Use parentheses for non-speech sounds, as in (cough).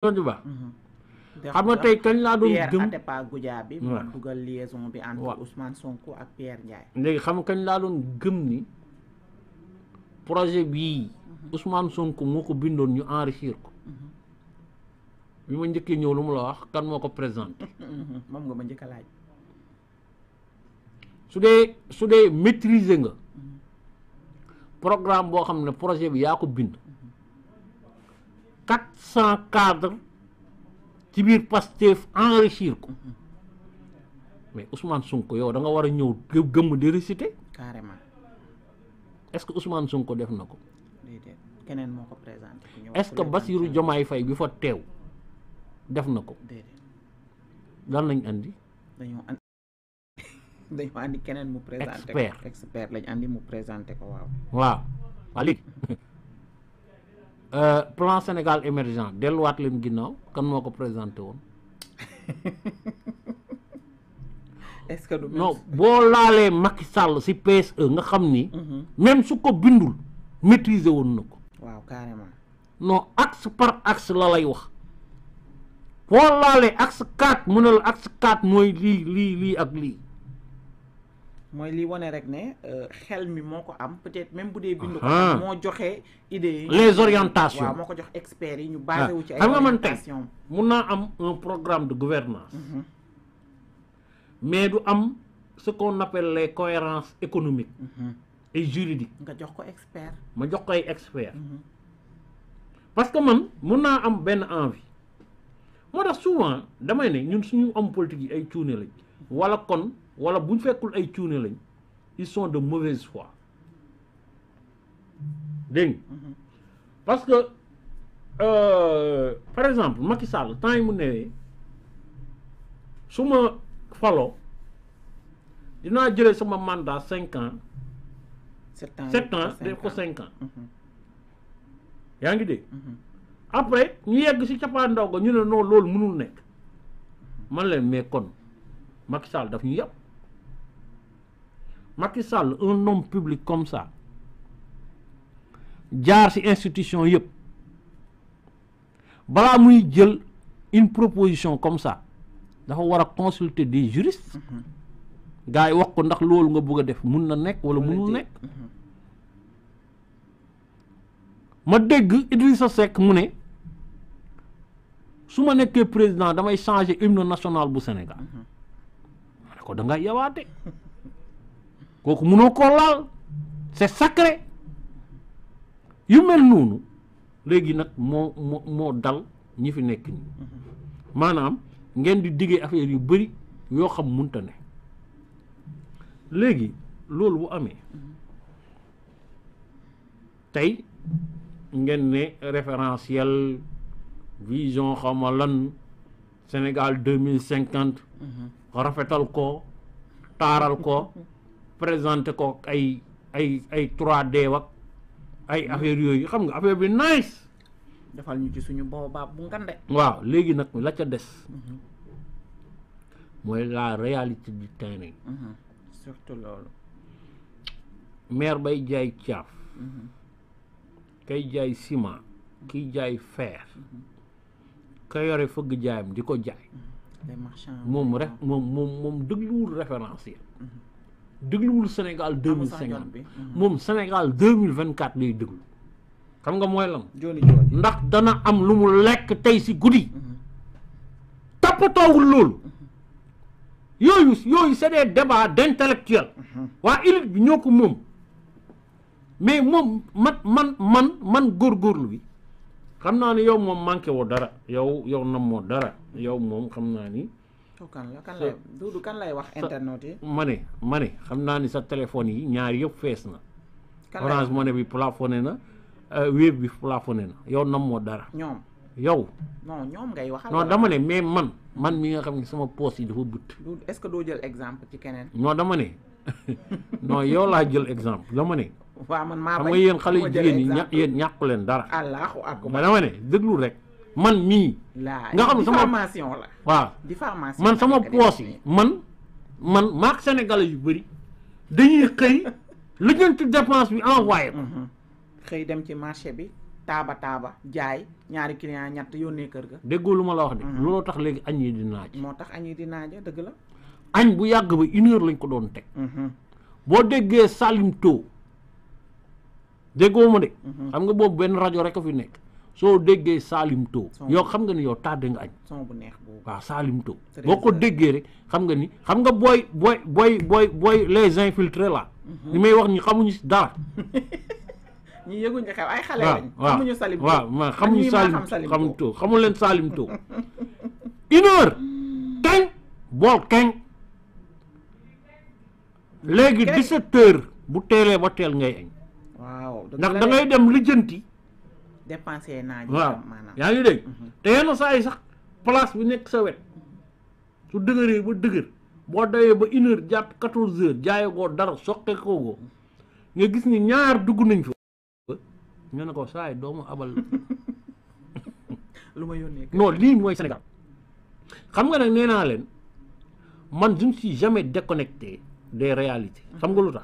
loolu ba mhm. xam nga tey kañ laa doon gëm Atépa bi moo dugal liaison Sonko ak Pierre léegi xam nga kañ laa gëm ni projet bii mhm. Ousmane Sonko moo ko bindoon ñu enrichir ko mhm. bi ma njëkkee ñëw lu mu la wax kan moo ko présenté moom nga ma njëkk laaj su dee su dee maîtriser nga programme boo xam ne projet bi yaa ko bind 400 cadres ci bir Pastef enrichir ko mais Ousmane Sonko yow da nga wara ñew ñëw gëmm di réciter. carrément. est-ce que Ousmane Sonko def nako ko. déedéet keneen moo ko est-ce que basirou Diomaye Faye bi fa tew def nako ko. lan lañ andi. dañu andi andi keneen mu. présenter expert expert lañ andi mu présenter ko waaw. waaw malik Euh, plan Sénégal émergent wat lim ginnaw kan moko ko présenté woon. (laughs) est-ce que non bo lalé Macky Sall ci PSE nga xamni mhm. même su ko bindul maîtriser won nako waaw carrément. non axe par axe la lay wax bo lalé axe 4 mënal axe 4 moy li li li ak li moy li wane rek ne euh, xel mi moko am peut-être même boudé bindu ko ah. mo joxé idée les orientations moko jox expert yi ñu basé ah. wu ci ay xam nga man tey mun am un programme de gouvernance mhm. mais du am ce qu'on appelle les cohérences économiques mhm. et juridiques nga jox ko expert ma jox ko expert mhm. parce que man mun naa am ben envie moo tax souvent damay ne ñun suñu am politique yi ay cuune lañ wala kon wala buñ fekkul ay tiouné lañ ils sont de mauvaise foi ding mhm. parce que euh, par exemple Macky Sall tant yi mu newé suma falo dina jëlé sama mandat 5 ans 7 ans, 7 ans, 5 ans. Mhm. Yangi de. Mhm. Après, ñu yegg ci ciapandaw ga ñu ne non lool mënul nek. Man le mais kon Macky Sall daf ñu yapp. Macky Sall un homme public comme ça diar ci institution yëpp balaa muy jël une proposition comme ça dafa war consulter des juristes mm-hmm. gars yi wax ko ndax loolu nga bëgg def mun na nekk wala munul nek. Mm-hmm. ma dégg Idrissa Seck mu ne su ma président damay changer hymne national bu Sénégal mm-hmm. ko da nga yawaate (laughs) kooku mënoo ko laal c'est sacré yu mel noonu léegi nag moo moo moo dal ñi fi nekk nii maanaam ngeen di diggee affaire yu bëri yoo xam munta ne léegi loolu bu amee tey ngeen ne référentiel vision xawma lan Sénégal deux mille cinquante mhm. rafetal ko taaral ko (laughs) présenté ko ay ay ay 3D wak ay affaire yooyu xam nga affaire bi nice. defal ñu ci suñu boobaa bu ngande waaw léegi nag la ca des. Mhm. mooy la réalité du terrain. Mhm. surtout loolu. maire bay jaay caaf. Mhm. kay jaay ciment. kiy jaay fer. ka yore fëgg jaayam di ko jaay. moom rek moom moom moom dégluwul référence yi dégluwul Sénégal deux mille cinquante mhm. moom Sénégal deux mille vingt quatre lay déglu xam nga mooy lan ndax dana am lu mu lekk tey si guddi mhm. toppatoowul loolu yooyu yooyu c'est des débats d'intellectuels mhm. waa élite bi ñoo ko moom mais moom man man man man góorgóorlu bi xam naa ne yow moom manqué woo dara yow yow nam moo dara yow moom xam naa ni kan la kan kan lay wax internet ma ne ma ne xam naa ni sa téléphone yi ñaar yëpp fees na. Orange Money bi plafonné na euh, Wave bi plafonné na yow nam moo dara. ñoom yow. non ñoom ngay wax. non dama ne mais man man mi nga xam ne sama poos yi dafa but. est ce que doo jël exemple ci keneen. non dama ne (laughs) non yow laa jël exemple dama ne. waaw man maa xam nga xale jigéen ñi ñàkku leen dara. dama ne déglu rek. man mi nga xam sama formation la wa di formation man sama poos yi man man mak sénégalais yu bari dañuy xey lu ñu lijjanti dépense bi envoyé ko mhm. xey dem ci marché bi taba taba jaay ñaari client ñatt yone kër ga déggoo lu la wax de mhm. looloo tax léegi agni di naaj mo tax agni di naaj deug la añ bu yàgg ba 1 heure lañ ko doon teg mhm. bo déggé salim to déggoo mo de xam nga bobu ben radio rek a fi nekk soo déggee Salim Tho yow xam nga ni yow tardé nga añ waaw Salim Tho boo ko déggee rek xam nga ni xam nga booy booy booy booy booy les infiltrés là ni mhm. may wax ñu xamuñu si dara (laughs) ñu yëguñ ma xew ay xale lañ xamuñu Salim xamuñu Salim Tho xamu leen Salim Tho (laughs) une heure kañ bool kañ léegi 17 heures bu teelee ba teel ngay añ ndax da ngay dem lijjanti dépensé naa waaw yaa ngi dégg mhm. te yenn saa yi sax place bu nekk sa wet su dëgëree ba dëgër boo dawee ba une heure jàpp quatorze heures jaayagoo dara soqe koogoo nga gis ni ñaar dugg nañ fa ñu ne ko saay doomu abal (laughs) lu ma yónnee non lii mooy Sénégal xam nga nag nee naa leen man je ne suis jamais déconnecté des xam nga lu tax